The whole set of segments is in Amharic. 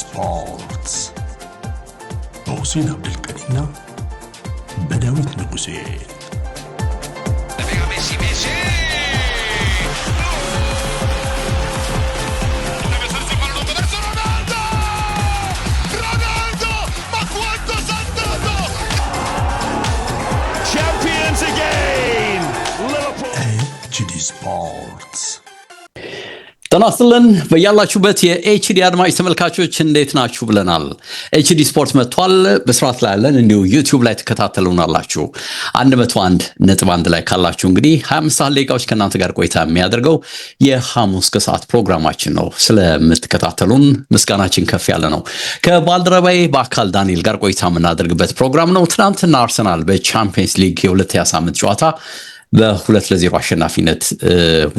ስፖርትስ በሁሴን አብደልቀዲና በዳዊት ንጉሴ Champions again! Liverpool! HD Sport. ጤና ይስጥልን በያላችሁበት የኤችዲ አድማጭ ተመልካቾች እንዴት ናችሁ ብለናል። ኤችዲ ስፖርት መጥቷል። በስርዓት ላይ ያለን እንዲሁ ዩቲዩብ ላይ ትከታተሉናላችሁ። 101 ነጥብ አንድ ላይ ካላችሁ እንግዲህ 25 ሰዓት ደቂቃዎች ከእናንተ ጋር ቆይታ የሚያደርገው የሐሙስ ከሰዓት ፕሮግራማችን ነው። ስለምትከታተሉን ምስጋናችን ከፍ ያለ ነው። ከባልደረባዬ በአካል ዳንኤል ጋር ቆይታ የምናደርግበት ፕሮግራም ነው። ትናንትና አርሰናል በቻምፒየንስ ሊግ የሁለተኛ ሳምንት ጨዋታ በሁለት ለዜሮ አሸናፊነት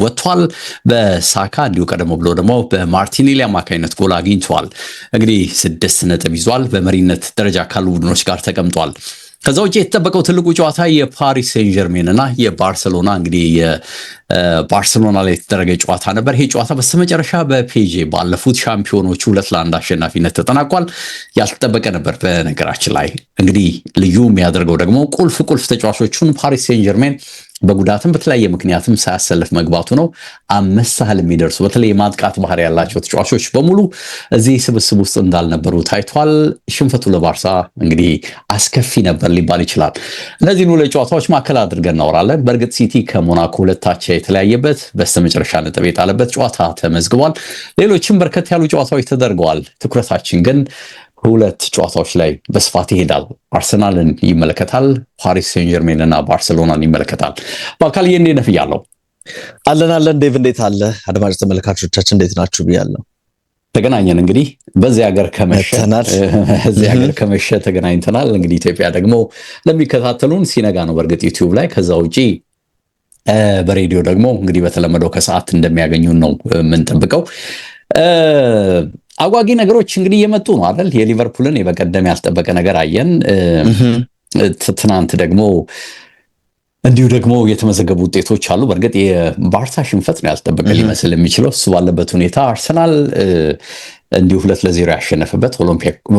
ወጥቷል። በሳካ እንዲሁ ቀደም ብሎ ደግሞ በማርቲኔሊ አማካኝነት ጎል አግኝቷል። እንግዲህ ስድስት ነጥብ ይዟል። በመሪነት ደረጃ ካሉ ቡድኖች ጋር ተቀምጧል። ከዛ ውጭ የተጠበቀው ትልቁ ጨዋታ የፓሪስ ሴን ጀርሜን እና የባርሴሎና እንግዲህ ባርሰሎና ላይ የተደረገ ጨዋታ ነበር። ይሄ ጨዋታ በስተመጨረሻ በፔጄ ባለፉት ሻምፒዮኖቹ ሁለት ለአንድ አሸናፊነት ተጠናቋል። ያልተጠበቀ ነበር። በነገራችን ላይ እንግዲህ ልዩ የሚያደርገው ደግሞ ቁልፍ ቁልፍ ተጫዋቾቹን ፓሪስ ሴን ጀርሜን በጉዳትም በተለያየ ምክንያትም ሳያሰልፍ መግባቱ ነው። አምስት የሚደርሱ በተለይ የማጥቃት ባህሪ ያላቸው ተጫዋቾች በሙሉ እዚህ ስብስብ ውስጥ እንዳልነበሩ ታይቷል። ሽንፈቱ ለባርሳ እንግዲህ አስከፊ ነበር ሊባል ይችላል። እነዚህን ሁለት ጨዋታዎች ማዕከል አድርገን እናወራለን። በእርግጥ ሲቲ ከሞናኮ ሁለታቻ የተለያየበት በስተመጨረሻ ነጥብ የጣለበት ጨዋታ ተመዝግቧል። ሌሎችም በርከት ያሉ ጨዋታዎች ተደርገዋል። ትኩረታችን ግን ሁለት ጨዋታዎች ላይ በስፋት ይሄዳል። አርሰናልን ይመለከታል፣ ፓሪስ ሴን ጀርሜንና ባርሴሎናን ይመለከታል። በአካል ይህ እንዴት ነህ አለን አለን። ዴቭ እንዴት አለ? አድማጭ ተመልካቾቻችን እንዴት ናችሁ ብያለው። ተገናኘን እንግዲህ በዚህ ሀገር ከመሸ በዚህ ሀገር ከመሸ ተገናኝተናል። እንግዲህ ኢትዮጵያ ደግሞ ለሚከታተሉን ሲነጋ ነው በእርግጥ ዩቲዩብ ላይ ከዛ ውጪ በሬዲዮ ደግሞ እንግዲህ በተለመደው ከሰዓት እንደሚያገኙን ነው የምንጠብቀው። አጓጊ ነገሮች እንግዲህ እየመጡ ነው አይደል? የሊቨርፑልን የበቀደም ያልጠበቀ ነገር አየን። ትናንት ደግሞ እንዲሁ ደግሞ የተመዘገቡ ውጤቶች አሉ። በእርግጥ የባርሳ ሽንፈት ነው ያልጠበቀ ሊመስል የሚችለው እሱ ባለበት ሁኔታ አርሰናል እንዲሁ ሁለት ለዜሮ ያሸነፈበት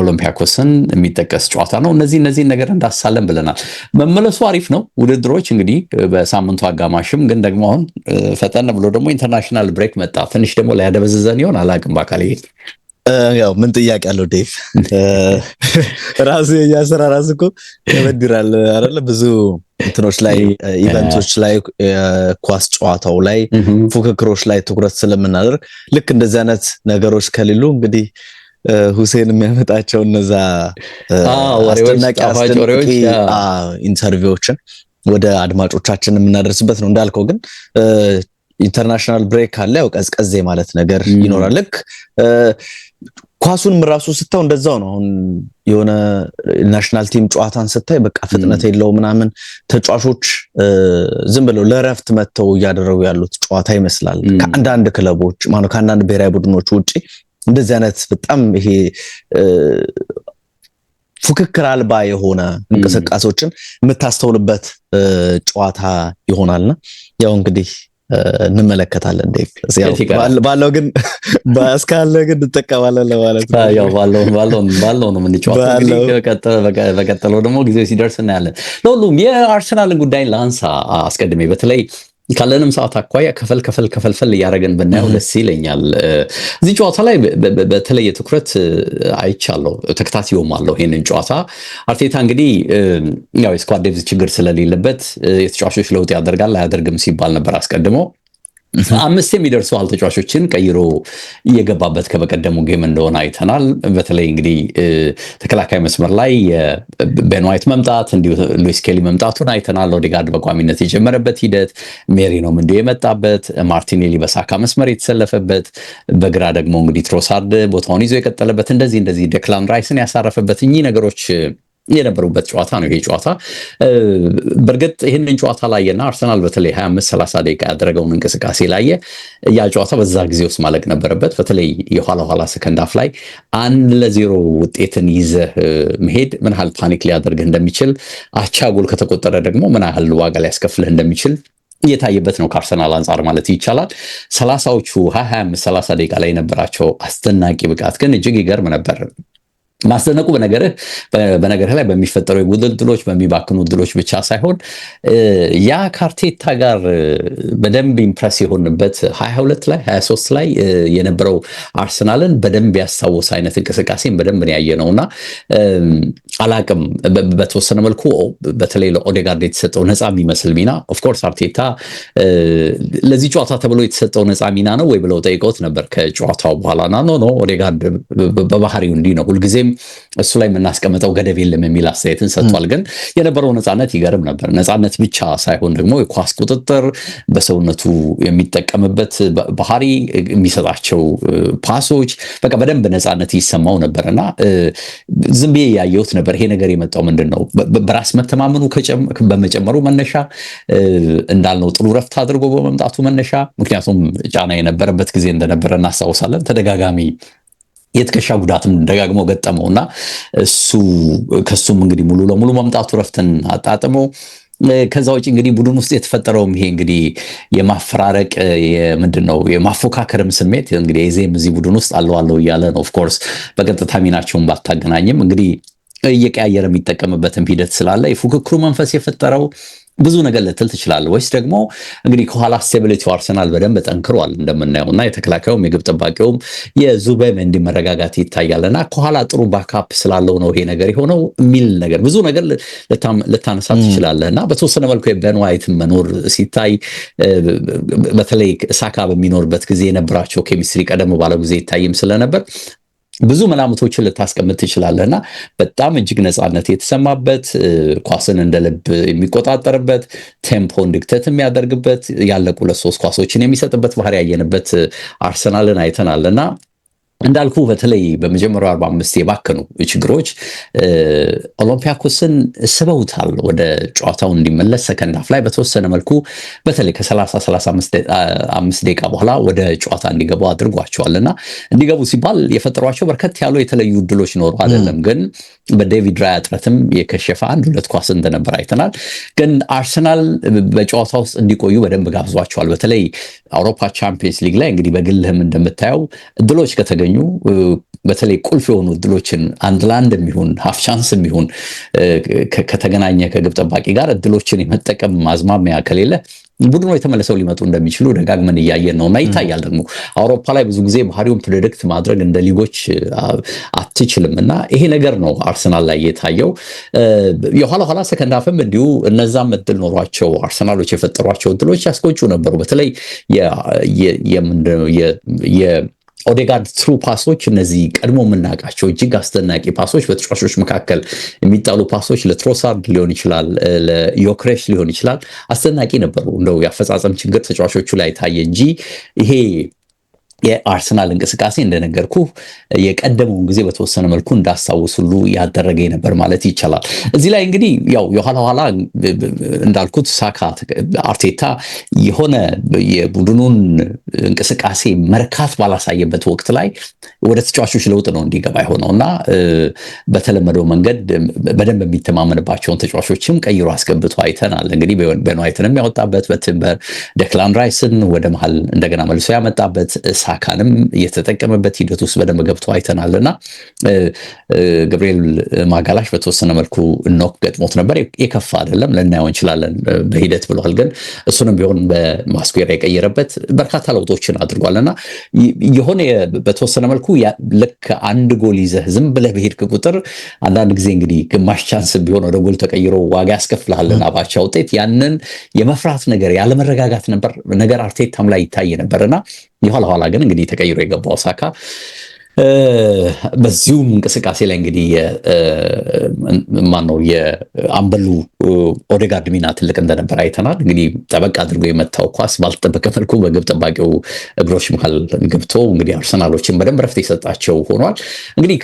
ኦሎምፒያኮስን የሚጠቀስ ጨዋታ ነው። እነዚህ እነዚህን ነገር እንዳሳለን ብለናል። መመለሱ አሪፍ ነው። ውድድሮች እንግዲህ በሳምንቱ አጋማሽም ግን ደግሞ አሁን ፈጠን ብሎ ደግሞ ኢንተርናሽናል ብሬክ መጣ። ትንሽ ደግሞ ላያደበዝዘን ይሆን አላቅም በአካል ያው ምን ጥያቄ አለው ዴቭ? ራሱ የያሰራ ራሱ እኮ ያበድራል አይደለ? ብዙ እንትኖች ላይ ኢቨንቶች ላይ ኳስ ጨዋታው ላይ ፉክክሮች ላይ ትኩረት ስለምናደርግ ልክ እንደዚህ አይነት ነገሮች ከሌሉ እንግዲህ ሁሴን የሚያመጣቸው እነዛ አስደናቂ አስደናቂ ኢንተርቪዎችን ወደ አድማጮቻችን የምናደርስበት ነው። እንዳልከው ግን ኢንተርናሽናል ብሬክ አለ። ያው ቀዝቀዜ ማለት ነገር ይኖራል ልክ ኳሱን ራሱ ስታው እንደዛው ነው። አሁን የሆነ ናሽናል ቲም ጨዋታን ስታይ በቃ ፍጥነት የለው ምናምን ተጫዋቾች ዝም ብለው ለእረፍት መጥተው እያደረጉ ያሉት ጨዋታ ይመስላል። ከአንዳንድ ክለቦች ማነው ከአንዳንድ ብሔራዊ ቡድኖች ውጭ እንደዚህ አይነት በጣም ይሄ ፉክክር አልባ የሆነ እንቅስቃሴዎችን የምታስተውልበት ጨዋታ ይሆናልና ያው እንግዲህ እንመለከታለን። ባለው ግን እስካለ ግን እንጠቀማለን ለማለት ባለው ነው የምንጫወተው። በቀጠለው ደግሞ ጊዜ ሲደርስ እናያለን። ለሁሉም የአርሰናልን ጉዳይ ለአንሳ አስቀድሜ በተለይ ካለንም ሰዓት አኳያ ከፈል ከፈል ከፈልፈል እያደረገን ብናየው ደስ ይለኛል። እዚህ ጨዋታ ላይ በተለየ ትኩረት አይቻለሁ፣ ተከታትዮም አለው ይህንን ጨዋታ። አርቴታ እንግዲህ ያው የስኳድ ዴፕዝ ችግር ስለሌለበት የተጫዋቾች ለውጥ ያደርጋል አያደርግም ሲባል ነበር አስቀድሞ አምስት የሚደርሱ አል ተጫዋቾችን ቀይሮ እየገባበት ከበቀደሙ ጌም እንደሆነ አይተናል። በተለይ እንግዲህ ተከላካይ መስመር ላይ የቤን ዋይት መምጣት እንዲሁ ሉዊስ ኬሊ መምጣቱን አይተናል። ኦዴጋርድ በቋሚነት የጀመረበት ሂደት፣ ሜሪኖም እንዲሁ የመጣበት፣ ማርቲኔሊ በሳካ መስመር የተሰለፈበት፣ በግራ ደግሞ እንግዲህ ትሮሳርድ ቦታውን ይዞ የቀጠለበት፣ እንደዚህ እንደዚህ ደክላን ራይስን ያሳረፈበት እኚህ ነገሮች የነበሩበት ጨዋታ ነው ይሄ ጨዋታ። በእርግጥ ይህንን ጨዋታ ላየና አርሰናል በተለይ 25 30 ደቂቃ ያደረገውን እንቅስቃሴ ላየ ያ ጨዋታ በዛ ጊዜ ውስጥ ማለቅ ነበረበት። በተለይ የኋላ ኋላ ሰከንድ አፍ ላይ አንድ ለዜሮ ውጤትን ይዘህ መሄድ ምን ያህል ፓኒክ ሊያደርግህ እንደሚችል፣ አቻ ጎል ከተቆጠረ ደግሞ ምን ያህል ዋጋ ሊያስከፍልህ እንደሚችል እየታየበት ነው ከአርሰናል አንጻር ማለት ይቻላል። ሰላሳዎቹ 25 ሰላሳ ደቂቃ ላይ የነበራቸው አስደናቂ ብቃት ግን እጅግ ይገርም ነበር። ማስደነቁ በነገርህ በነገርህ ላይ በሚፈጠሩ የጉድል ድሎች በሚባክኑ ድሎች ብቻ ሳይሆን ያ ካርቴታ ጋር በደንብ ኢምፕረስ የሆንበት 22 ላይ 23 ላይ የነበረው አርሰናልን በደንብ ያስታወስ አይነት እንቅስቃሴን በደንብ ያየ ነው እና አላቅም በተወሰነ መልኩ በተለይ ለኦዴጋርድ የተሰጠው ነፃ የሚመስል ሚና ኦፍኮርስ አርቴታ ለዚህ ጨዋታ ተብሎ የተሰጠው ነፃ ሚና ነው ወይ ብለው ጠይቀውት ነበር ከጨዋታው በኋላ ና ኖ ኖ ኦዴጋርድ በባህሪው እንዲህ ነው ሁልጊዜም እሱ ላይ የምናስቀምጠው ገደብ የለም የሚል አስተያየትን ሰጥቷል። ግን የነበረው ነፃነት ይገርም ነበር። ነፃነት ብቻ ሳይሆን ደግሞ የኳስ ቁጥጥር፣ በሰውነቱ የሚጠቀምበት ባህሪ፣ የሚሰጣቸው ፓሶች በቃ በደንብ ነፃነት ይሰማው ነበር እና ዝም ብዬ ያየሁት ነበር። ይሄ ነገር የመጣው ምንድን ነው በራስ መተማመኑ በመጨመሩ መነሻ እንዳልነው ጥሩ ረፍት አድርጎ በመምጣቱ መነሻ ምክንያቱም ጫና የነበረበት ጊዜ እንደነበረ እናስታውሳለን። ተደጋጋሚ የትከሻ ጉዳትም ደጋግሞ ገጠመው እና እሱ ከሱም እንግዲህ ሙሉ ለሙሉ መምጣቱ ረፍትን አጣጥሞ ከዛ ውጭ እንግዲህ ቡድን ውስጥ የተፈጠረውም ይሄ እንግዲህ የማፈራረቅ ምንድን ነው የማፎካከርም ስሜት እንግዲህ ዜም እዚህ ቡድን ውስጥ አለው አለው እያለ ነው። ኦፍኮርስ በቀጥታ ሚናቸውን ባታገናኝም እንግዲህ እየቀያየረ የሚጠቀምበትም ሂደት ስላለ የፉክክሩ መንፈስ የፈጠረው ብዙ ነገር ልትል ትችላለህ። ወይስ ደግሞ እንግዲህ ከኋላ ስቴቢሊቲው አርሰናል በደንብ ጠንክሯል እንደምናየው እና የተከላካዩም የግብ ጠባቂውም የዙበም እንዲ መረጋጋት ይታያል እና ከኋላ ጥሩ ባካፕ ስላለው ነው ይሄ ነገር የሆነው የሚል ነገር ብዙ ነገር ልታነሳ ትችላለህ እና በተወሰነ መልኩ የቤን ዋይት መኖር ሲታይ በተለይ ሳካ በሚኖርበት ጊዜ የነበራቸው ኬሚስትሪ ቀደም ባለው ጊዜ ይታይም ስለነበር ብዙ መላምቶችን ልታስቀምጥ ትችላለህ እና በጣም እጅግ ነፃነት የተሰማበት ኳስን እንደ ልብ የሚቆጣጠርበት ቴምፖን ድክተት የሚያደርግበት ያለቁ ለሶስት ኳሶችን የሚሰጥበት ባህሪ ያየንበት አርሰናልን አይተናል እና እንዳልኩ በተለይ በመጀመሪያው 45 የባከኑ ችግሮች ኦሎምፒያኮስን ስበውታል። ወደ ጨዋታው እንዲመለስ ሰከንድ ሀፍ ላይ በተወሰነ መልኩ በተለይ ከ30 35 ደቂቃ በኋላ ወደ ጨዋታ እንዲገቡ አድርጓቸዋል እና እንዲገቡ ሲባል የፈጠሯቸው በርከት ያሉ የተለዩ እድሎች ኖሩ አይደለም፣ ግን በዴቪድ ራያ ጥረትም የከሸፈ አንድ ሁለት ኳስ እንደነበር አይተናል። ግን አርሰናል በጨዋታ ውስጥ እንዲቆዩ በደንብ ጋብዟቸዋል። በተለይ አውሮፓ ቻምፒየንስ ሊግ ላይ እንግዲህ በግልህም እንደምታየው እድሎች ከተገኙ ሲገኙ በተለይ ቁልፍ የሆኑ እድሎችን አንድ ለአንድ የሚሆን ሀፍ ቻንስ የሚሆን ከተገናኘ ከግብ ጠባቂ ጋር እድሎችን የመጠቀም አዝማሚያ ከሌለ ቡድኖ የተመለሰው ሊመጡ እንደሚችሉ ደጋግመን እያየን ነው እና ይታያል። ደግሞ አውሮፓ ላይ ብዙ ጊዜ ባህሪውን ፕሬዲክት ማድረግ እንደ ሊጎች አትችልም እና ይሄ ነገር ነው አርሰናል ላይ የታየው። የኋላ ኋላ ሰከንድ ሀፍም እንዲሁ እነዛም እድል ኖሯቸው አርሰናሎች የፈጠሯቸው እድሎች ያስቆጩ ነበሩ። በተለይ ኦዴጋርድ ትሩ ፓሶች፣ እነዚህ ቀድሞ የምናውቃቸው እጅግ አስደናቂ ፓሶች በተጫዋቾች መካከል የሚጣሉ ፓሶች ለትሮሳርድ ሊሆን ይችላል፣ ለዮክሬሽ ሊሆን ይችላል፣ አስደናቂ ነበሩ። እንደው የአፈጻጸም ችግር ተጫዋቾቹ ላይ ታየ እንጂ ይሄ የአርሰናል እንቅስቃሴ እንደነገርኩ የቀደመውን ጊዜ በተወሰነ መልኩ እንዳስታውስ ሁሉ ያደረገ ነበር ማለት ይቻላል። እዚህ ላይ እንግዲህ ያው የኋላ ኋላ እንዳልኩት ሳካ አርቴታ የሆነ የቡድኑን እንቅስቃሴ መርካት ባላሳየበት ወቅት ላይ ወደ ተጫዋቾች ለውጥ ነው እንዲገባ የሆነው እና በተለመደው መንገድ በደንብ የሚተማመንባቸውን ተጫዋቾችም ቀይሮ አስገብቶ አይተናል። እንግዲህ በኖ ዋይትንም ያወጣበት በትንበር ደክላን ራይስን ወደ መሀል እንደገና መልሶ ያመጣበት አካልም እየተጠቀመበት ሂደት ውስጥ በደንብ ገብቶ አይተናል እና ገብርኤል ማጋላሽ በተወሰነ መልኩ ኖክ ገጥሞት ነበር። የከፋ አይደለም፣ ልናየው እንችላለን በሂደት ብሏል። ግን እሱንም ቢሆን በማስኩዌራ የቀየረበት በርካታ ለውጦችን አድርጓል እና የሆነ በተወሰነ መልኩ ልክ አንድ ጎል ይዘህ ዝም ብለህ በሄድክ ቁጥር አንዳንድ ጊዜ እንግዲህ ግማሽ ቻንስ ቢሆን ወደ ጎል ተቀይሮ ዋጋ ያስከፍልሃልና ባቻ ውጤት ያንን የመፍራት ነገር ያለመረጋጋት ነበር ነገር አርቴታም ላይ ይታይ እና የኋላ ኋላ ግን እንግዲህ ተቀይሮ የገባው ሳካ በዚሁም እንቅስቃሴ ላይ እንግዲህ ማነው የአምበሉ ኦዴጋርድ ሚና ትልቅ እንደነበር አይተናል። እንግዲህ ጠበቅ አድርጎ የመታው ኳስ ባልተጠበቀ መልኩ በግብ ጠባቂው እግሮች መካል ገብቶ እንግዲህ አርሰናሎችን በደንብ ረፍት የሰጣቸው ሆኗል። እንግዲህ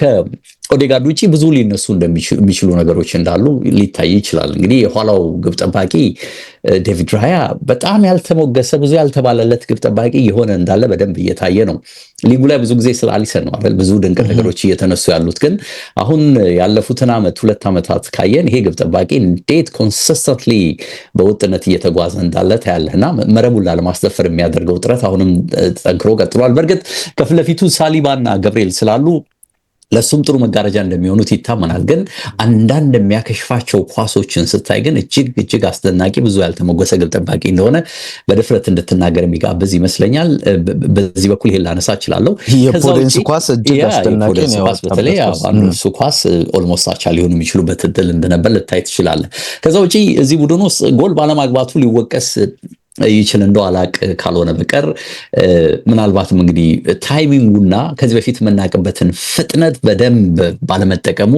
ኦዴጋርድ ውጭ ብዙ ሊነሱ እንደሚችሉ ነገሮች እንዳሉ ሊታይ ይችላል። እንግዲህ የኋላው ግብ ጠባቂ ዴቪድ ራያ በጣም ያልተሞገሰ ብዙ ያልተባለለት ግብ ጠባቂ የሆነ እንዳለ በደንብ እየታየ ነው። ሊጉ ላይ ብዙ ጊዜ ስለ አሊሰን ነው አይደል ብዙ ድንቅ ነገሮች እየተነሱ ያሉት። ግን አሁን ያለፉትን ዓመት ሁለት ዓመታት ካየን ይሄ ግብ ጠባቂ እንዴት ኮንሲስተንትሊ በውጥነት እየተጓዘ እንዳለ ታያለህ። እና መረቡን ላለማስደፈር የሚያደርገው ጥረት አሁንም ጠንክሮ ቀጥሏል። በእርግጥ ከፊት ለፊቱ ሳሊባና ገብርኤል ስላሉ ለእሱም ጥሩ መጋረጃ እንደሚሆኑት ይታመናል። ግን አንዳንድ የሚያከሽፋቸው ኳሶችን ስታይ ግን እጅግ እጅግ አስደናቂ ብዙ ያልተመጎሰ ግብ ጠባቂ እንደሆነ በድፍረት እንድትናገር የሚጋብዝ ይመስለኛል። በዚህ በኩል ይሄን ላነሳ እችላለሁ። የፖደንስ ኳስ እጅግ አስደናቂ ነው። በተለይ እሱ ኳስ ኦልሞስት አቻ ሊሆኑ የሚችሉበት እድል እንደነበር ልታይ ትችላለህ። ከዛ ውጪ እዚህ ቡድን ውስጥ ጎል ባለማግባቱ ሊወቀስ ይችል እንደው አላቅ ካልሆነ በቀር ምናልባትም እንግዲህ ታይሚንጉና ከዚህ በፊት የምናቅበትን ፍጥነት በደንብ ባለመጠቀሙ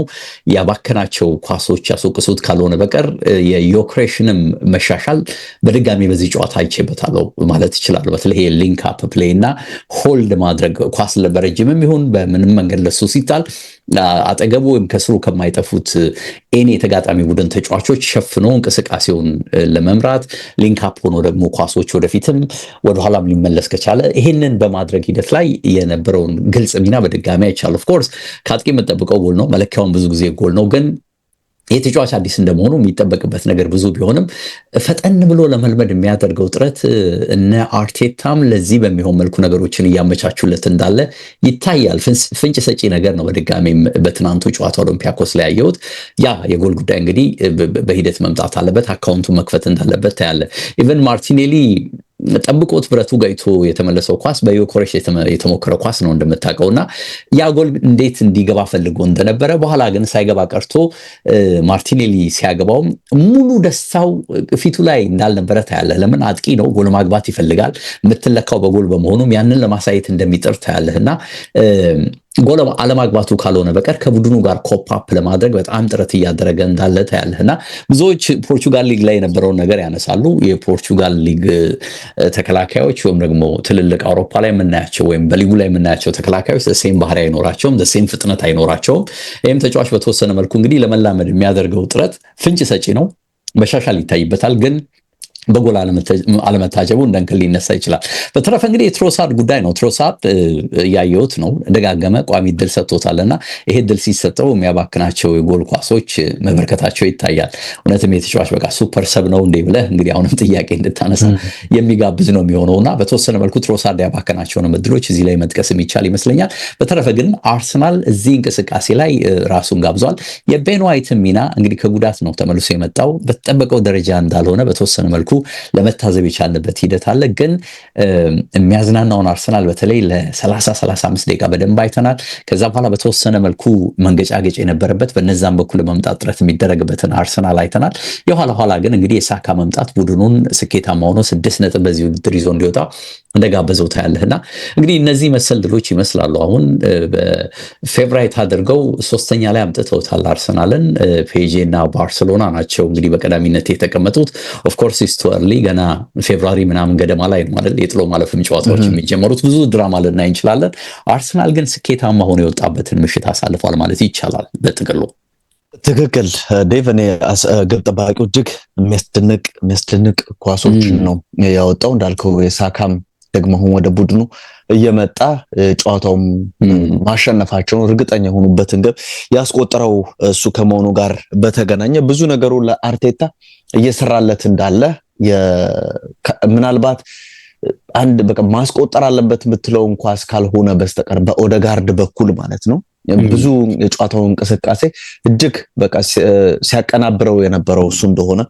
ያባከናቸው ኳሶች ያስወቅሱት ካልሆነ በቀር የዮክሬሽንም መሻሻል በድጋሚ በዚህ ጨዋታ አይቼበታለሁ ማለት ይችላሉ። በተለይ ሊንክ አፕ ፕሌይ እና ሆልድ ማድረግ ኳስ በረጅምም ይሁን በምንም መንገድ ለሱ ሲጣል አጠገቡ ወይም ከስሩ ከማይጠፉት ኤኔ የተጋጣሚ ቡድን ተጫዋቾች ሸፍኖ እንቅስቃሴውን ለመምራት ሊንካፕ ሆኖ ደግሞ ኳሶች ወደፊትም ወደኋላም ሊመለስ ከቻለ ይህንን በማድረግ ሂደት ላይ የነበረውን ግልጽ ሚና በድጋሚ አይቻል። ኦፍኮርስ ከአጥቂ የምጠብቀው ጎል ነው። መለኪያውን ብዙ ጊዜ ጎል ነው ግን የተጫዋች አዲስ እንደመሆኑ የሚጠበቅበት ነገር ብዙ ቢሆንም ፈጠን ብሎ ለመልመድ የሚያደርገው ጥረት እነ አርቴታም ለዚህ በሚሆን መልኩ ነገሮችን እያመቻቹለት እንዳለ ይታያል። ፍንጭ ሰጪ ነገር ነው። በድጋሚ በትናንቱ ጨዋታ ኦሎምፒያኮስ ላይ ያየሁት ያ የጎል ጉዳይ እንግዲህ በሂደት መምጣት አለበት። አካውንቱ መክፈት እንዳለበት ታያለ ኢቨን ማርቲኔሊ ጠብቆት ብረቱ ገይቶ የተመለሰው ኳስ በዮኮሬሽ የተሞከረ ኳስ ነው እንደምታውቀው እና ያ ጎል እንዴት እንዲገባ ፈልጎ እንደነበረ በኋላ ግን ሳይገባ ቀርቶ ማርቲኔሊ ሲያገባውም ሙሉ ደስታው ፊቱ ላይ እንዳልነበረ ታያለህ። ለምን አጥቂ ነው፣ ጎል ማግባት ይፈልጋል። የምትለካው በጎል በመሆኑም ያንን ለማሳየት እንደሚጥር ታያለህ እና ጎል አለማግባቱ ካልሆነ በቀር ከቡድኑ ጋር ኮፓፕ ለማድረግ በጣም ጥረት እያደረገ እንዳለ ታያለህ እና ብዙዎች ፖርቹጋል ሊግ ላይ የነበረውን ነገር ያነሳሉ። የፖርቹጋል ሊግ ተከላካዮች ወይም ደግሞ ትልልቅ አውሮፓ ላይ የምናያቸው ወይም በሊጉ ላይ የምናያቸው ተከላካዮች ሴም ባህሪ አይኖራቸውም፣ ሴም ፍጥነት አይኖራቸውም። ይህም ተጫዋች በተወሰነ መልኩ እንግዲህ ለመላመድ የሚያደርገው ጥረት ፍንጭ ሰጪ ነው፣ መሻሻል ይታይበታል ግን በጎል አለመታጀቡ እንደ እንክል ሊነሳ ይችላል። በተረፈ እንግዲህ የትሮሳርድ ጉዳይ ነው። ትሮሳርድ እያየሁት ነው፣ ደጋገመ ቋሚ እድል ሰጥቶታል እና ይሄ ድል ሲሰጠው የሚያባክናቸው የጎል ኳሶች መበርከታቸው ይታያል። እውነትም የተጫዋች በቃ ሱፐር ሰብ ነው እንዴ ብለህ እንግዲህ አሁንም ጥያቄ እንድታነሳ የሚጋብዝ ነው የሚሆነው እና በተወሰነ መልኩ ትሮሳርድ ያባከናቸውን እድሎች እዚህ ላይ መጥቀስ የሚቻል ይመስለኛል። በተረፈ ግን አርሰናል እዚህ እንቅስቃሴ ላይ ራሱን ጋብዟል። የቤን ዋይትን ሚና እንግዲህ ከጉዳት ነው ተመልሶ የመጣው በተጠበቀው ደረጃ እንዳልሆነ በተወሰነ መልኩ ለመታዘብ የቻልንበት ሂደት አለ። ግን የሚያዝናናውን አርሰናል በተለይ ለ30 35 ደቂቃ በደንብ አይተናል። ከዛ በኋላ በተወሰነ መልኩ መንገጫገጭ የነበረበት በነዛም በኩል መምጣት ጥረት የሚደረግበትን አርሰናል አይተናል። የኋላ ኋላ ግን እንግዲህ የሳካ መምጣት ቡድኑን ስኬታማ ሆኖ ስድስት ነጥብ በዚህ ውድድር ይዞ እንዲወጣ እንደጋበዘው ታያለህ እና እንግዲህ እነዚህ መሰል ድሎች ይመስላሉ። አሁን በፌቨራይት አድርገው ሶስተኛ ላይ አምጥተውታል አርሰናልን። ፔጄ እና ባርሰሎና ናቸው እንግዲህ በቀዳሚነት የተቀመጡት። ኦፍኮርስ ስቱወርሊ ገና ፌብራሪ ምናምን ገደማ ላይ ነው አይደል የጥሎ ማለፍም ጨዋታዎች የሚጀመሩት። ብዙ ድራማ ልናይ እንችላለን። አርሰናል ግን ስኬታማ ሆኖ የወጣበትን ምሽት አሳልፏል ማለት ይቻላል በጥቅሉ። ትክክል ዴቨን ግብ ጠባቂው እጅግ የሚያስደንቅ ኳሶች ነው ያወጣው እንዳልከው የሳካም ደግሞ አሁን ወደ ቡድኑ እየመጣ ጨዋታውም ማሸነፋቸውን እርግጠኛ የሆኑበትን ግብ ያስቆጠረው እሱ ከመሆኑ ጋር በተገናኘ ብዙ ነገሩ ለአርቴታ እየሰራለት እንዳለ ምናልባት አንድ በቃ ማስቆጠር አለበት የምትለውን እንኳ ካልሆነ በስተቀር በኦደጋርድ በኩል ማለት ነው ብዙ የጨዋታው እንቅስቃሴ እጅግ በቃ ሲያቀናብረው የነበረው እሱ እንደሆነ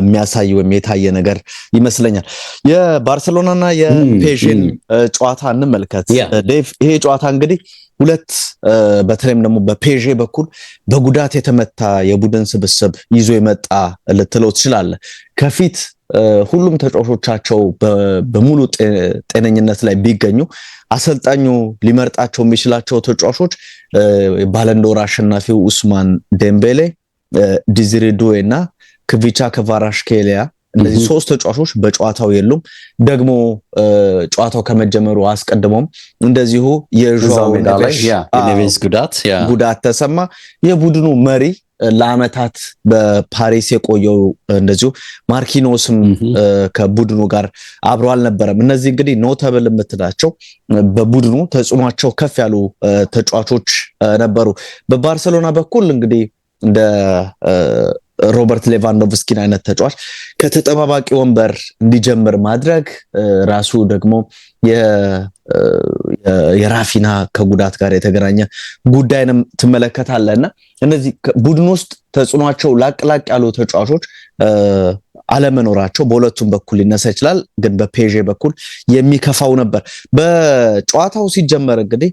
የሚያሳይ ወይም የታየ ነገር ይመስለኛል። የባርሴሎናና የፔዥን ጨዋታ እንመልከት ዴቭ። ይሄ ጨዋታ እንግዲህ ሁለት በተለይም ደግሞ በፔዤ በኩል በጉዳት የተመታ የቡድን ስብስብ ይዞ የመጣ ልትለው ትችላለህ ከፊት ሁሉም ተጫዋቾቻቸው በሙሉ ጤነኝነት ላይ ቢገኙ አሰልጣኙ ሊመርጣቸው የሚችላቸው ተጫዋቾች ባለንዶር አሸናፊው ኡስማን ዴምቤሌ፣ ዲዚሬ ዱዌ እና ክቪቻ ክቫራትስኬሊያ እነዚህ ሶስት ተጫዋቾች በጨዋታው የሉም። ደግሞ ጨዋታው ከመጀመሩ አስቀድሞም እንደዚሁ የዣው ጉዳት ጉዳት ተሰማ የቡድኑ መሪ ለአመታት በፓሪስ የቆየው እንደዚሁ ማርኪኖስም ከቡድኑ ጋር አብሮ አልነበረም። እነዚህ እንግዲህ ኖተብል የምትላቸው በቡድኑ ተጽዕኖቸው ከፍ ያሉ ተጫዋቾች ነበሩ። በባርሰሎና በኩል እንግዲህ እንደ ሮበርት ሌቫንዶቭስኪን አይነት ተጫዋች ከተጠባባቂ ወንበር እንዲጀምር ማድረግ ራሱ ደግሞ የራፊና ከጉዳት ጋር የተገናኘ ጉዳይንም ትመለከታለህ እና እነዚህ ቡድን ውስጥ ተጽዕኖቸው ላቅ ላቅ ያሉ ተጫዋቾች አለመኖራቸው በሁለቱም በኩል ሊነሳ ይችላል። ግን በፔዤ በኩል የሚከፋው ነበር። በጨዋታው ሲጀመር እንግዲህ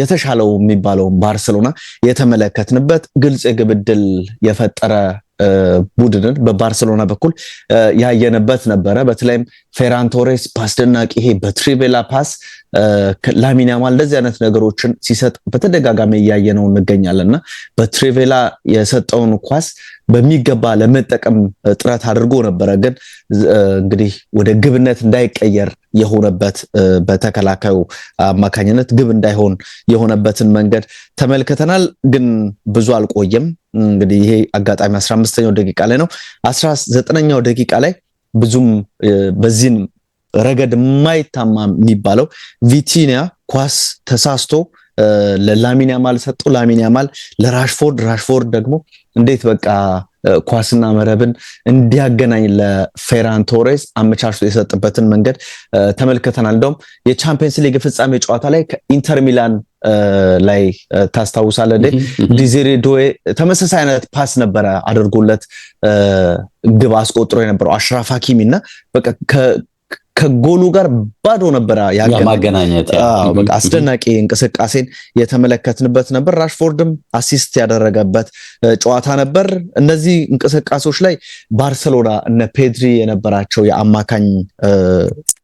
የተሻለው የሚባለውን ባርሰሎና የተመለከትንበት ግልጽ የግብድል የፈጠረ ቡድንን በባርሰሎና በኩል ያየነበት ነበረ። በተለይም ፌራን ቶሬስ በአስደናቂ ይሄ በትሪቬላ ፓስ ላሚን ያማል እንደዚህ አይነት ነገሮችን ሲሰጥ በተደጋጋሚ እያየነው እንገኛለን እና በትሪቬላ የሰጠውን ኳስ በሚገባ ለመጠቀም ጥረት አድርጎ ነበረ። ግን እንግዲህ ወደ ግብነት እንዳይቀየር የሆነበት በተከላካዩ አማካኝነት ግብ እንዳይሆን የሆነበትን መንገድ ተመልክተናል። ግን ብዙ አልቆየም። እንግዲህ ይሄ አጋጣሚ አስራ አምስተኛው ደቂቃ ላይ ነው። አስራ ዘጠነኛው ደቂቃ ላይ ብዙም በዚህን ረገድ የማይታማ የሚባለው ቪቲኒያ ኳስ ተሳስቶ ለላሚን ያማል ሰጡ። ላሚን ያማል ለራሽፎርድ፣ ራሽፎርድ ደግሞ እንዴት በቃ ኳስና መረብን እንዲያገናኝ ለፌራን ቶሬስ አመቻችቶ የሰጥበትን መንገድ ተመልክተናል። እንደውም የቻምፒየንስ ሊግ ፍጻሜ ጨዋታ ላይ ከኢንተር ሚላን ላይ ታስታውሳለ እንዴ? ዲዚሬ ዶዌ ተመሳሳይ አይነት ፓስ ነበረ አድርጎለት ግብ አስቆጥሮ የነበረው አሽራፍ ሀኪሚ እና በቃ ከጎሉ ጋር ባዶ ነበረ ማገናኘት። አስደናቂ እንቅስቃሴን የተመለከትንበት ነበር። ራሽፎርድም አሲስት ያደረገበት ጨዋታ ነበር። እነዚህ እንቅስቃሴዎች ላይ ባርሰሎና እነ ፔድሪ የነበራቸው የአማካኝ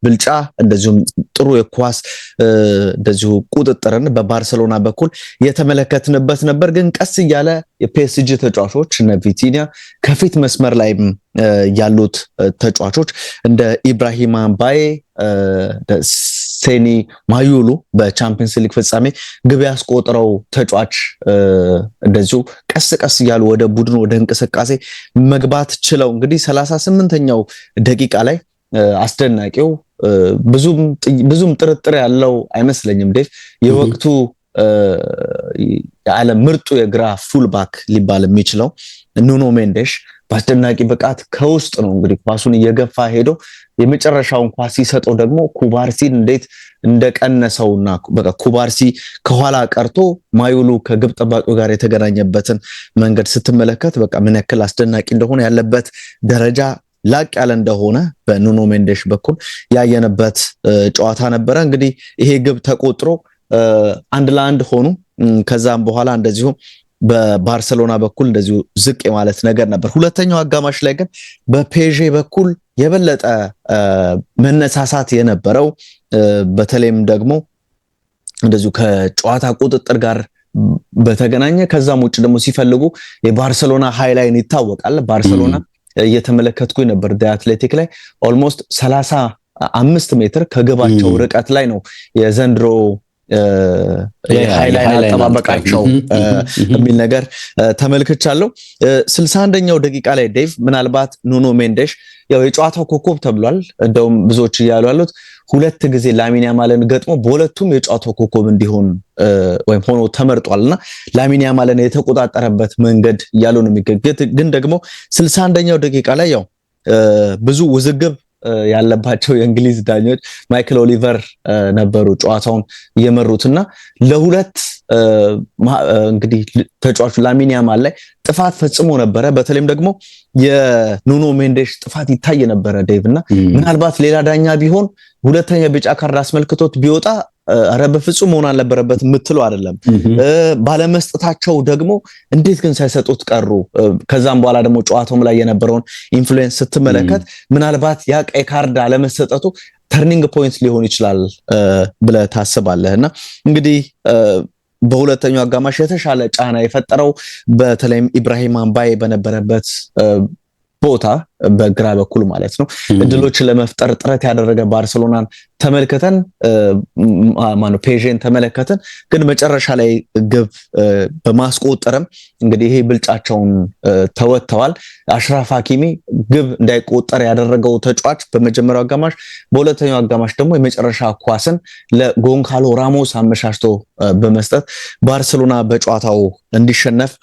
ብልጫ እንደዚሁም ጥሩ የኳስ እንደዚሁ ቁጥጥርን በባርሰሎና በኩል የተመለከትንበት ነበር። ግን ቀስ እያለ የፒኤስጂ ተጫዋቾች እነ ቪቲኒያ ከፊት መስመር ላይ ያሉት ተጫዋቾች እንደ ኢብራሂማ ባዬ፣ ሴኒ ማዩሉ በቻምፒየንስ ሊግ ፍጻሜ ግብ ያስቆጥረው ተጫዋች እንደዚሁ ቀስ ቀስ እያሉ ወደ ቡድን ወደ እንቅስቃሴ መግባት ችለው እንግዲህ ሰላሳ ስምንተኛው ደቂቃ ላይ አስደናቂው ብዙም ጥርጥር ያለው አይመስለኝም ዴፍ የወቅቱ የዓለም ምርጡ የግራ ፉልባክ ሊባል የሚችለው ኑኖ ሜንዴሽ በአስደናቂ ብቃት ከውስጥ ነው እንግዲህ ኳሱን እየገፋ ሄዶ የመጨረሻውን ኳስ ሲሰጠው ደግሞ ኩባርሲን እንዴት እንደቀነሰውና በቃ ኩባርሲ ከኋላ ቀርቶ ማዩሉ ከግብ ጠባቂው ጋር የተገናኘበትን መንገድ ስትመለከት በቃ ምን ያክል አስደናቂ እንደሆነ ያለበት ደረጃ ላቅ ያለ እንደሆነ በኑኖ ሜንዴሽ በኩል ያየንበት ጨዋታ ነበረ። እንግዲህ ይሄ ግብ ተቆጥሮ አንድ ለአንድ ሆኑ። ከዛም በኋላ እንደዚሁ በባርሰሎና በኩል እንደዚሁ ዝቅ የማለት ነገር ነበር። ሁለተኛው አጋማሽ ላይ ግን በፔዤ በኩል የበለጠ መነሳሳት የነበረው በተለይም ደግሞ እንደዚሁ ከጨዋታ ቁጥጥር ጋር በተገናኘ ከዛም ውጭ ደግሞ ሲፈልጉ የባርሰሎና ሃይላይን ይታወቃል። ባርሰሎና እየተመለከትኩ ነበር አትሌቲክ ላይ ኦልሞስት ሰላሳ አምስት ሜትር ከግባቸው ርቀት ላይ ነው የዘንድሮ ሃይላይን አጠባበቃቸው የሚል ነገር ተመልክቻለሁ። ስልሳ አንደኛው ደቂቃ ላይ ዴቭ ምናልባት ኑኖ ሜንዴሽ ያው የጨዋታው ኮኮብ ተብሏል። እንደውም ብዙዎች እያሉ ያሉት ሁለት ጊዜ ላሚን ያማልን ገጥሞ በሁለቱም የጨዋታው ኮኮብ እንዲሆን ወይም ሆኖ ተመርጧል እና ላሚን ያማልን የተቆጣጠረበት መንገድ እያሉ ነው የሚገኝ። ግን ደግሞ ስልሳ አንደኛው ደቂቃ ላይ ያው ብዙ ውዝግብ ያለባቸው የእንግሊዝ ዳኞች ማይክል ኦሊቨር ነበሩ ጨዋታውን እየመሩት እና ለሁለት እንግዲህ ተጫዋቹ ላሚን ያማል ላይ ጥፋት ፈጽሞ ነበረ። በተለይም ደግሞ የኑኖ ሜንዴሽ ጥፋት ይታይ ነበረ ዴቭ እና ምናልባት ሌላ ዳኛ ቢሆን ሁለተኛ ቢጫ ካርድ አስመልክቶት ቢወጣ ኧረ በፍጹም መሆን አልነበረበት የምትለው አይደለም። ባለመስጠታቸው ደግሞ እንዴት ግን ሳይሰጡት ቀሩ? ከዛም በኋላ ደግሞ ጨዋታውም ላይ የነበረውን ኢንፍሉዌንስ ስትመለከት ምናልባት ያ ቀይ ካርድ አለመሰጠቱ ተርኒንግ ፖይንት ሊሆን ይችላል ብለህ ታስባለህ? እና እንግዲህ በሁለተኛው አጋማሽ የተሻለ ጫና የፈጠረው በተለይም ኢብራሂም አምባዬ በነበረበት ቦታ በግራ በኩል ማለት ነው እድሎችን ለመፍጠር ጥረት ያደረገ ባርሴሎናን ተመልከተን ማነው ፔዥን ተመለከተን፣ ግን መጨረሻ ላይ ግብ በማስቆጠርም እንግዲህ ይሄ ብልጫቸውን ተወጥተዋል። አሽራፍ ሀኪሚ ግብ እንዳይቆጠር ያደረገው ተጫዋች በመጀመሪያው አጋማሽ፣ በሁለተኛው አጋማሽ ደግሞ የመጨረሻ ኳስን ለጎንካሎ ራሞስ አመሻሽቶ በመስጠት ባርሴሎና በጨዋታው እንዲሸነፍ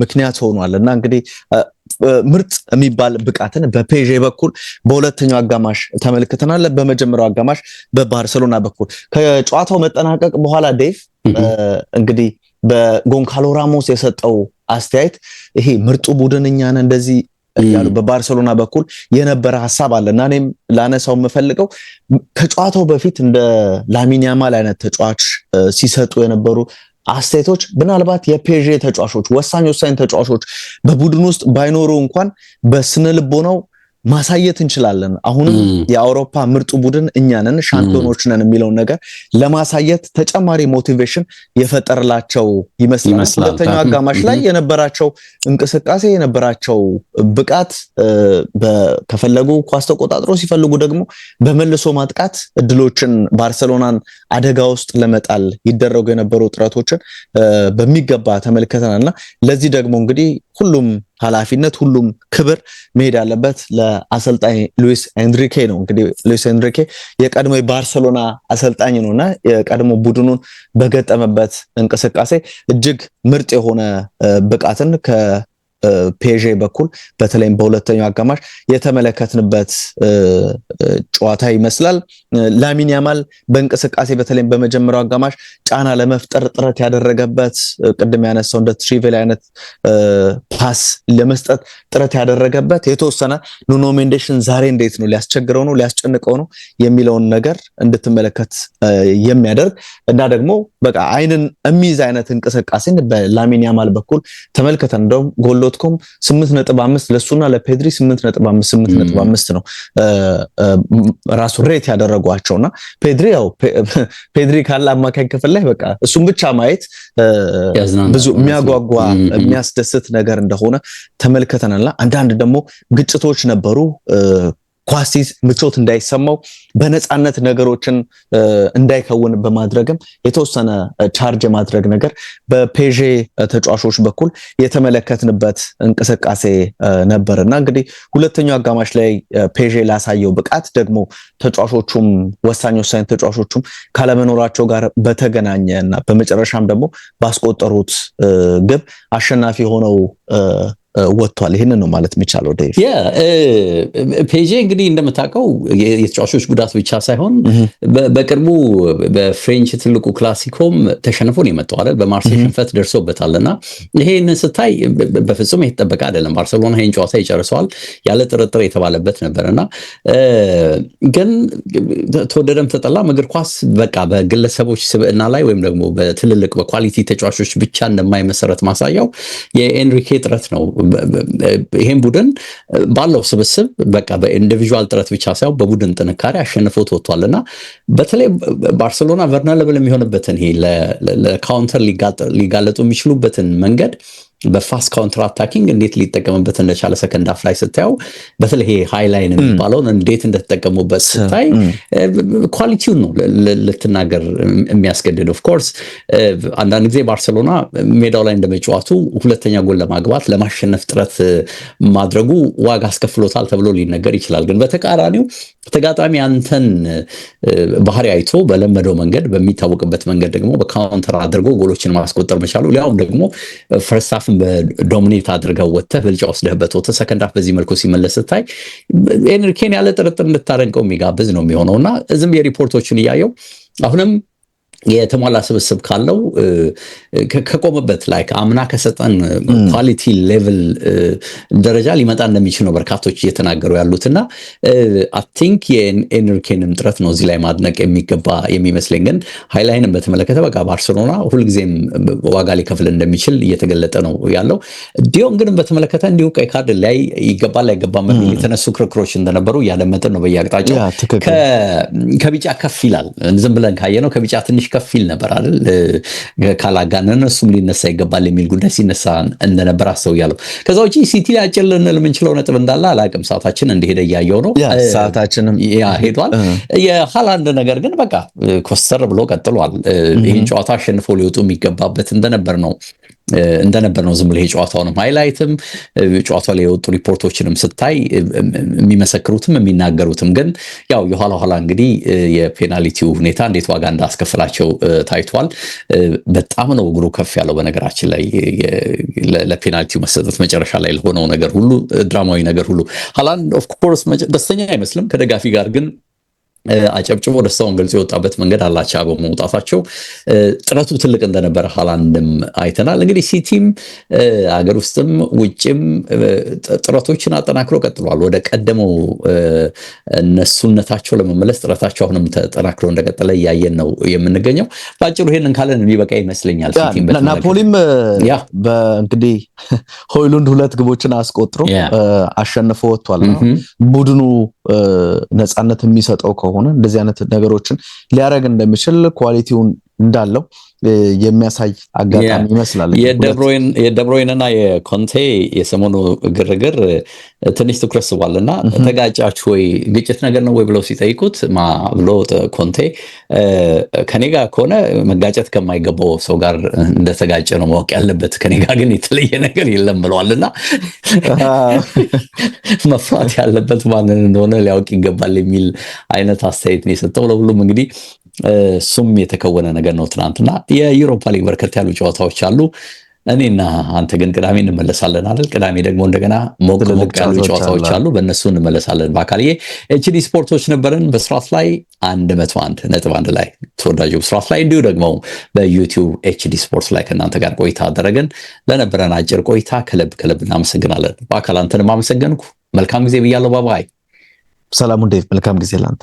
ምክንያት ሆኗል እና እንግዲህ ምርጥ የሚባል ብቃትን በፔዤ በኩል በሁለተኛው አጋማሽ ተመልክተናል። በመጀመሪያው አጋማሽ በባርሰሎና በኩል ከጨዋታው መጠናቀቅ በኋላ ዴቭ እንግዲህ በጎንካሎ ራሞስ የሰጠው አስተያየት ይሄ ምርጡ ቡድን እኛን እንደዚህ እያሉ በባርሰሎና በኩል የነበረ ሀሳብ አለ እና እኔም ላነሳው የምፈልገው ከጨዋታው በፊት እንደ ላሚን ያማል አይነት ተጫዋች ሲሰጡ የነበሩ አስተያየቶች ምናልባት የፔዥ ተጫዋቾች ወሳኝ ወሳኝ ተጫዋቾች በቡድን ውስጥ ባይኖሩ እንኳን በስነ ልቦናው ማሳየት እንችላለን። አሁንም የአውሮፓ ምርጡ ቡድን እኛ ነን፣ ሻምፒዮኖች ነን የሚለውን ነገር ለማሳየት ተጨማሪ ሞቲቬሽን የፈጠርላቸው ይመስላል። ሁለተኛው አጋማሽ ላይ የነበራቸው እንቅስቃሴ የነበራቸው ብቃት ከፈለጉ ኳስ ተቆጣጥሮ ሲፈልጉ ደግሞ በመልሶ ማጥቃት እድሎችን ባርሰሎናን አደጋ ውስጥ ለመጣል ይደረጉ የነበሩ ጥረቶችን በሚገባ ተመልከተናል እና ለዚህ ደግሞ እንግዲህ ሁሉም ኃላፊነት ሁሉም ክብር መሄድ ያለበት ለአሰልጣኝ ሉዊስ ኤንሪኬ ነው። እንግዲህ ሉዊስ ኤንሪኬ የቀድሞ የባርሰሎና አሰልጣኝ ነው እና የቀድሞ ቡድኑን በገጠመበት እንቅስቃሴ እጅግ ምርጥ የሆነ ብቃትን ፔዤ በኩል በተለይም በሁለተኛው አጋማሽ የተመለከትንበት ጨዋታ ይመስላል። ላሚን ያማል በእንቅስቃሴ በተለይም በመጀመሪያው አጋማሽ ጫና ለመፍጠር ጥረት ያደረገበት ቅድም ያነሳው እንደ ትሪቬል አይነት ፓስ ለመስጠት ጥረት ያደረገበት የተወሰነ ኑኖ ሜንዴሽን ዛሬ እንዴት ነው ሊያስቸግረው ነው ሊያስጨንቀው ነው የሚለውን ነገር እንድትመለከት የሚያደርግ እና ደግሞ በቃ አይንን የሚይዝ አይነት እንቅስቃሴን በላሚን ያማል በኩል ተመልከተን እንደውም ጎሎ ዶትኮም ስምንት ነጥብ አምስት ለእሱና ለፔድሪ ስምንት ነጥብ አምስት ስምንት ነጥብ አምስት ነው ራሱ ሬት ያደረጓቸው እና ፔድሪ ያው ፔድሪ ካለ አማካኝ ክፍል ላይ በቃ እሱም ብቻ ማየት ብዙ የሚያጓጓ የሚያስደስት ነገር እንደሆነ ተመልከተናልና አንዳንድ ደግሞ ግጭቶች ነበሩ ኳስ ሲይዝ ምቾት እንዳይሰማው በነፃነት ነገሮችን እንዳይከውን በማድረግም የተወሰነ ቻርጅ የማድረግ ነገር በፔዤ ተጫዋቾች በኩል የተመለከትንበት እንቅስቃሴ ነበር እና እንግዲህ ሁለተኛው አጋማሽ ላይ ፔዤ ላሳየው ብቃት ደግሞ ተጫዋቾቹም ወሳኝ ወሳኝ ተጫዋቾቹም ካለመኖራቸው ጋር በተገናኘ እና በመጨረሻም ደግሞ ባስቆጠሩት ግብ አሸናፊ ሆነው ወጥቷል። ይህን ነው ማለት የሚቻለው። ፔጄ እንግዲህ እንደምታውቀው የተጫዋቾች ጉዳት ብቻ ሳይሆን በቅርቡ በፍሬንች ትልቁ ክላሲኮም ተሸንፎ ነው የመጣው አይደል? በማርሴይ ሽንፈት ደርሶበታል እና ይሄን ስታይ በፍጹም የተጠበቀ አይደለም። ባርሰሎና ይህን ጨዋታ ይጨርሰዋል ያለ ጥርጥር የተባለበት ነበር እና ግን ተወደደም ተጠላም እግር ኳስ በቃ በግለሰቦች ስብዕና ላይ ወይም ደግሞ በትልልቅ በኳሊቲ ተጫዋቾች ብቻ እንደማይመሰረት ማሳያው የኤንሪኬ ጥረት ነው ይሄን ቡድን ባለው ስብስብ በቃ በኢንዲቪዥዋል ጥረት ብቻ ሳይሆን በቡድን ጥንካሬ አሸንፎት ወጥቷል እና በተለይ ባርሴሎና ቨርናለብል የሚሆንበትን ይሄ ለካውንተር ሊጋለጡ የሚችሉበትን መንገድ በፋስት ካውንተር አታኪንግ እንዴት ሊጠቀምበት እንደቻለ ሰከንድ አፍ ላይ ስታየው በተለይ ሃይላይን የሚባለውን እንዴት እንደተጠቀሙበት ስታይ ኳሊቲውን ነው ልትናገር የሚያስገድድ። ኦፍኮርስ አንዳንድ ጊዜ ባርሴሎና ሜዳው ላይ እንደመጫወቱ ሁለተኛ ጎል ለማግባት ለማሸነፍ ጥረት ማድረጉ ዋጋ አስከፍሎታል ተብሎ ሊነገር ይችላል። ግን በተቃራኒው ተጋጣሚ አንተን ባህሪ አይቶ በለመደው መንገድ በሚታወቅበት መንገድ ደግሞ በካውንተር አድርጎ ጎሎችን ማስቆጠር መቻሉ ሊያውም ደግሞ ፈርስት ዶሚኔት አድርገው ወጥተህ ብልጫ ወስደህበት ወጥተህ ሰከንድ ሀፍ በዚህ መልኩ ሲመለስ ስታይ ኤንሪኬን ያለ ጥርጥር እንድታደንቀው የሚጋብዝ ነው የሚሆነው እና እዚም የሪፖርቶችን እያየው አሁንም የተሟላ ስብስብ ካለው ከቆመበት ላይ አምና ከሰጠን ኳሊቲ ሌቭል ደረጃ ሊመጣ እንደሚችል ነው በርካቶች እየተናገሩ ያሉት እና አይ የኤንሪኬንም ጥረት ነው እዚህ ላይ ማድነቅ የሚገባ የሚመስለኝ። ግን ሀይላይንም በተመለከተ በቃ ባርሴሎና ሁልጊዜም ዋጋ ሊከፍል እንደሚችል እየተገለጠ ነው ያለው። ዲዮን ግን በተመለከተ እንዲሁ ቀይ ካርድ ላይ ይገባል አይገባም የተነሱ ክርክሮች እንደነበሩ እያደመጥን ነው በየአቅጣጫው። ከቢጫ ከፍ ይላል ዝም ብለን ካየነው ከቢጫ ትንሽ ከፍ ይል ነበር አይደል? ካላጋነን እሱም ሊነሳ ይገባል የሚል ጉዳይ ሲነሳ እንደነበር አስተውያለሁ። ከዛ ውጭ ሲቲ ላይ አጭር ልንል የምንችለው ነጥብ እንዳለ አላቅም። ሰዓታችን እንደሄደ እያየው ነው። ሰዓታችንም ሄዷል። የሃላንድ ነገር ግን በቃ ኮስተር ብሎ ቀጥሏል። ይህን ጨዋታ አሸንፈው ሊወጡ የሚገባበት እንደነበር ነው እንደነበር ነው። ዝም ብለህ የጨዋታውንም ሃይላይትም ጨዋታ ላይ የወጡ ሪፖርቶችንም ስታይ የሚመሰክሩትም የሚናገሩትም ግን ያው የኋላ ኋላ እንግዲህ የፔናልቲው ሁኔታ እንዴት ዋጋ እንዳስከፍላቸው ታይቷል። በጣም ነው እግሩ ከፍ ያለው በነገራችን ላይ ለፔናልቲው መሰጠት መጨረሻ ላይ ለሆነው ነገር ሁሉ ድራማዊ ነገር ሁሉ ሃላንድ ኦፍኮርስ ደስተኛ አይመስልም ከደጋፊ ጋር ግን አጨብጭቦ ደስታውን ገልጾ የወጣበት መንገድ አላቻ በመውጣታቸው ጥረቱ ትልቅ እንደነበረ ሀላንድም አይተናል። እንግዲህ ሲቲም አገር ውስጥም ውጭም ጥረቶችን አጠናክሮ ቀጥሏል። ወደ ቀደመው እነሱነታቸው ለመመለስ ጥረታቸው አሁንም ተጠናክሮ እንደቀጠለ እያየን ነው የምንገኘው። በአጭሩ ይሄንን ካለን የሚበቃ ይመስለኛል። ናፖሊም እንግዲህ ሆይሉንድ ሁለት ግቦችን አስቆጥሮ አሸንፎ ወጥቷል። ቡድኑ ነፃነት የሚሰጠው ከሆነ እንደዚህ አይነት ነገሮችን ሊያደረግ እንደሚችል ኳሊቲውን እንዳለው የሚያሳይ አጋጣሚ ይመስላል። የደብሮይንና የኮንቴ የሰሞኑ ግርግር ትንሽ ትኩረት ስቧል እና ተጋጫችሁ ወይ ግጭት ነገር ነው ወይ ብለው ሲጠይቁት ማ ብሎ ኮንቴ ከኔ ጋር ከሆነ መጋጨት ከማይገባው ሰው ጋር እንደተጋጨ ነው ማወቅ ያለበት፣ ከኔ ጋር ግን የተለየ ነገር የለም ብለዋል እና መፍራት ያለበት ማንን እንደሆነ ሊያውቅ ይገባል የሚል አይነት አስተያየት ነው የሰጠው። ለሁሉም እንግዲህ እሱም የተከወነ ነገር ነው። ትናንትና የዩሮፓ ሊግ በርከት ያሉ ጨዋታዎች አሉ። እኔና አንተ ግን ቅዳሜ እንመለሳለን አይደል? ቅዳሜ ደግሞ እንደገና ሞቅ ሞቅ ያሉ ጨዋታዎች አሉ። በእነሱ እንመለሳለን። በአካልዬ ኤችዲ ስፖርቶች ነበረን። በስራት ላይ አንድ መቶ አንድ ነጥብ አንድ ላይ ተወዳጁ ስራት ላይ እንዲሁ ደግሞ በዩቲዩብ ኤችዲ ስፖርት ላይ ከእናንተ ጋር ቆይታ አደረግን። ለነበረን አጭር ቆይታ ከልብ ከልብ እናመሰግናለን። በአካል አንተንም አመሰገንኩ። መልካም ጊዜ ብያለሁ። ባባይ ሰላም። እንዴት መልካም ጊዜ ለአንተ